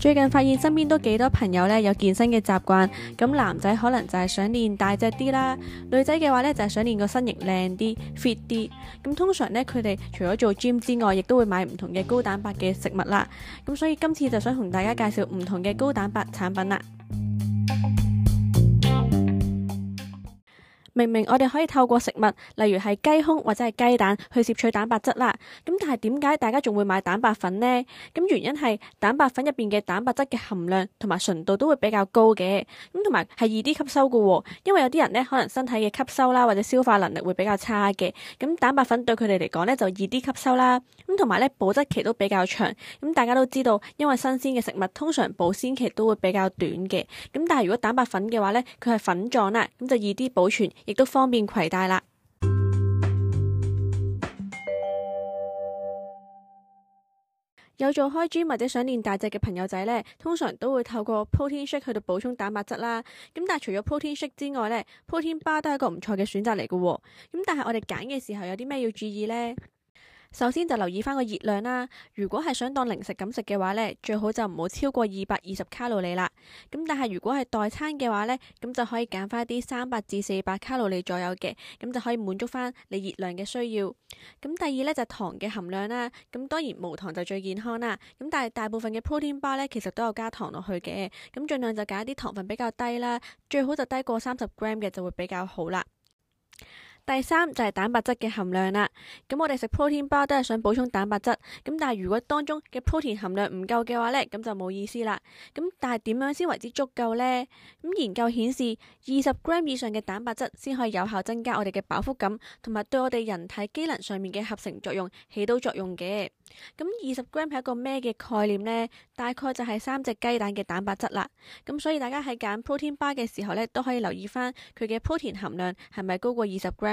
最近發現身邊都幾多朋友呢有健身嘅習慣，咁男仔可能就係想練大隻啲啦，女仔嘅話呢，就係想練個身形靚啲、fit 啲。咁通常呢，佢哋除咗做 gym 之外，亦都會買唔同嘅高蛋白嘅食物啦。咁所以今次就想同大家介紹唔同嘅高蛋白產品啦。明明我哋可以透過食物，例如係雞胸或者係雞蛋去攝取蛋白質啦，咁但係點解大家仲會買蛋白粉呢？咁原因係蛋白粉入邊嘅蛋白質嘅含量同埋純度都會比較高嘅，咁同埋係二 D 吸收嘅，因為有啲人呢可能身體嘅吸收啦或者消化能力會比較差嘅，咁蛋白粉對佢哋嚟講呢，就二 D 吸收啦，咁同埋呢保質期都比較長，咁大家都知道，因為新鮮嘅食物通常保鮮期都會比較短嘅，咁但係如果蛋白粉嘅話呢，佢係粉狀啦，咁就二 D 保存。亦都方便攜帶啦。有做開 gym 或者想練大隻嘅朋友仔呢，通常都會透過 protein shake 去到補充蛋白質啦。咁但係除咗 protein shake 之外呢 ，protein bar 都係一個唔錯嘅選擇嚟嘅。咁但係我哋揀嘅時候有啲咩要注意呢？首先就留意翻個熱量啦，如果係想當零食咁食嘅話呢，最好就唔好超過二百二十卡路里啦。咁但係如果係代餐嘅話呢，咁就可以揀翻啲三百至四百卡路里左右嘅，咁就可以滿足翻你熱量嘅需要。咁第二呢，就糖嘅含量啦，咁當然無糖就最健康啦。咁但係大部分嘅 protein bar 呢其實都有加糖落去嘅，咁盡量就揀一啲糖分比較低啦，最好就低過三十 gram 嘅就會比較好啦。第三就係蛋白質嘅含量啦，咁我哋食 protein bar 都係想補充蛋白質，咁但係如果當中嘅 protein 含量唔夠嘅話呢，咁就冇意思啦。咁但係點樣先為之足夠呢？咁研究顯示，二十 gram 以上嘅蛋白質先可以有效增加我哋嘅飽腹感，同埋對我哋人體機能上面嘅合成作用起到作用嘅。咁二十 gram 係一個咩嘅概念呢？大概就係三隻雞蛋嘅蛋白質啦。咁所以大家喺揀 protein bar 嘅時候呢，都可以留意翻佢嘅 protein 含量係咪高過二十 gram。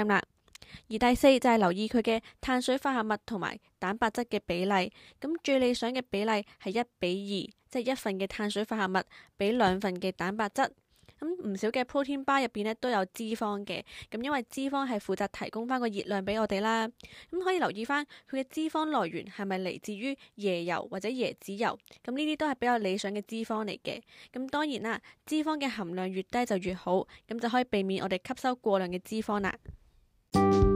而第四就係留意佢嘅碳水化合物同埋蛋白質嘅比例。咁最理想嘅比例係一比二，即係一份嘅碳水化合物比兩份嘅蛋白質。咁唔少嘅 protein bar 入邊咧都有脂肪嘅。咁因為脂肪係負責提供翻個熱量俾我哋啦。咁可以留意翻佢嘅脂肪來源係咪嚟自於椰油或者椰子油。咁呢啲都係比較理想嘅脂肪嚟嘅。咁當然啦，脂肪嘅含量越低就越好，咁就可以避免我哋吸收過量嘅脂肪啦。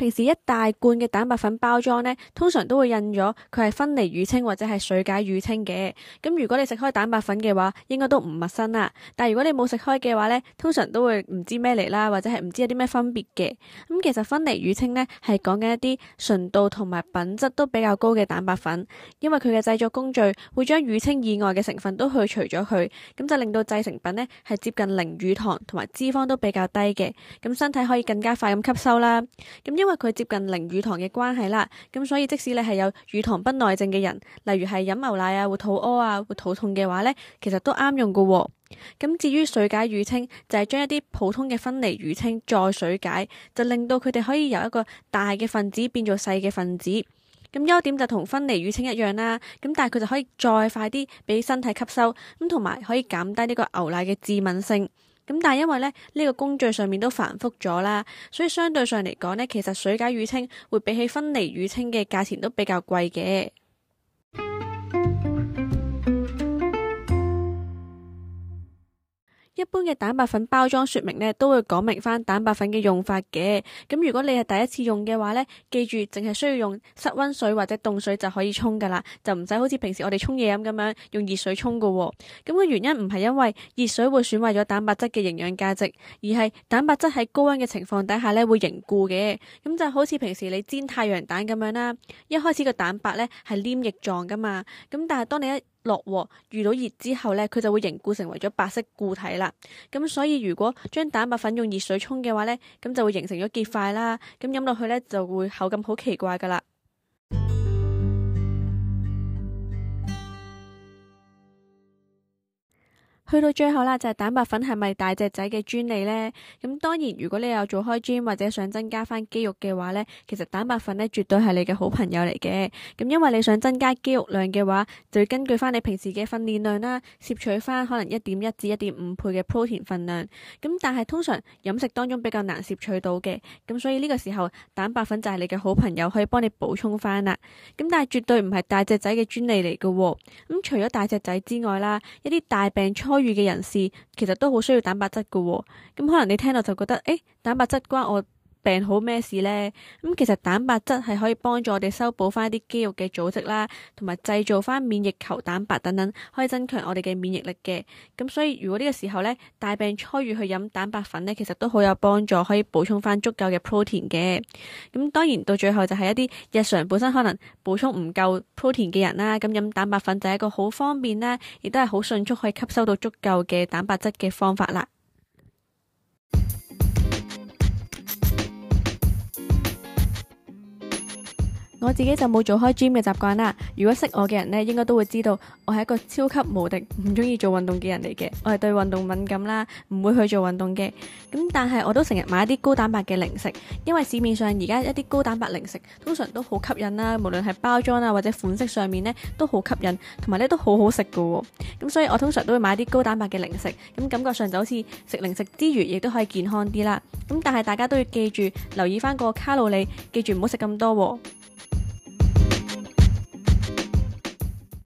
平時一大罐嘅蛋白粉包裝呢，通常都會印咗佢係分離乳清或者係水解乳清嘅。咁如果你食開蛋白粉嘅話，應該都唔陌生啦。但係如果你冇食開嘅話呢，通常都會唔知咩嚟啦，或者係唔知有啲咩分別嘅。咁其實分離乳清呢，係講緊一啲純度同埋品質都比較高嘅蛋白粉，因為佢嘅製作工序會將乳清以外嘅成分都去除咗佢，咁就令到製成品呢，係接近零乳糖同埋脂肪都比較低嘅，咁身體可以更加快咁吸收啦。咁因因為佢接近零乳糖嘅關係啦，咁所以即使你係有乳糖不耐症嘅人，例如係飲牛奶啊會肚屙啊會肚痛嘅話呢，其實都啱用噶。咁至於水解乳清，就係將一啲普通嘅分離乳清再水解，就令到佢哋可以由一個大嘅分子變做細嘅分子。咁優點就同分離乳清一樣啦，咁但係佢就可以再快啲俾身體吸收，咁同埋可以減低呢個牛奶嘅致敏性。咁但係因為咧呢個工序上面都繁複咗啦，所以相對上嚟講咧，其實水解乳清會比起分離乳清嘅價錢都比較貴嘅。一般嘅蛋白粉包裝說明咧，都會講明翻蛋白粉嘅用法嘅。咁如果你係第一次用嘅話咧，記住淨係需要用室温水或者凍水就可以沖噶啦，就唔使好似平時我哋沖嘢飲咁樣用熱水沖噶。咁嘅原因唔係因為熱水會損壞咗蛋白質嘅營養價值，而係蛋白質喺高温嘅情況底下咧會凝固嘅。咁就好似平時你煎太陽蛋咁樣啦，一開始個蛋白咧係黏液狀噶嘛，咁但係當你一落鑊遇到熱之後咧，佢就會凝固成為咗白色固體啦。咁所以如果將蛋白粉用熱水沖嘅話咧，咁就會形成咗結塊啦。咁飲落去咧就會口感好奇怪噶啦。去到最後啦，就係蛋白粉係咪大隻仔嘅專利呢？咁當然，如果你有做開 gym 或者想增加翻肌肉嘅話呢，其實蛋白粉咧絕對係你嘅好朋友嚟嘅。咁因為你想增加肌肉量嘅話，就根據翻你平時嘅訓練量啦，攝取翻可能一點一至一點五倍嘅 protein 份量。咁但係通常飲食當中比較難攝取到嘅，咁所以呢個時候蛋白粉就係你嘅好朋友，可以幫你補充翻啦。咁但係絕對唔係大隻仔嘅專利嚟嘅。咁除咗大隻仔之外啦，一啲大病初。嘅人士其實都好需要蛋白質嘅，咁可能你聽到就覺得，誒、欸、蛋白質關我病好咩事呢？咁其實蛋白質係可以幫助我哋修補翻啲肌肉嘅組織啦，同埋製造翻免疫球蛋白等等，可以增強我哋嘅免疫力嘅。咁所以如果呢個時候呢，大病初癒去飲蛋白粉呢，其實都好有幫助，可以補充翻足夠嘅 protein 嘅。咁當然到最後就係一啲日常本身可能補充唔夠 protein 嘅人啦，咁飲蛋白粉就係一個好方便啦，亦都係好迅速可以吸收到足夠嘅蛋白質嘅方法啦。我自己就冇做開 gym 嘅習慣啦。如果識我嘅人呢，應該都會知道我係一個超級無敵唔中意做運動嘅人嚟嘅。我係對運動敏感啦，唔會去做運動嘅。咁但係我都成日買一啲高蛋白嘅零食，因為市面上而家一啲高蛋白零食通常都好吸引啦，無論係包裝啊或者款式上面呢，都好吸引，同埋咧都好好食噶。咁所以我通常都會買啲高蛋白嘅零食，咁感覺上就好似食零食之餘，亦都可以健康啲啦。咁但係大家都要記住留意翻個卡路里，記住唔好食咁多。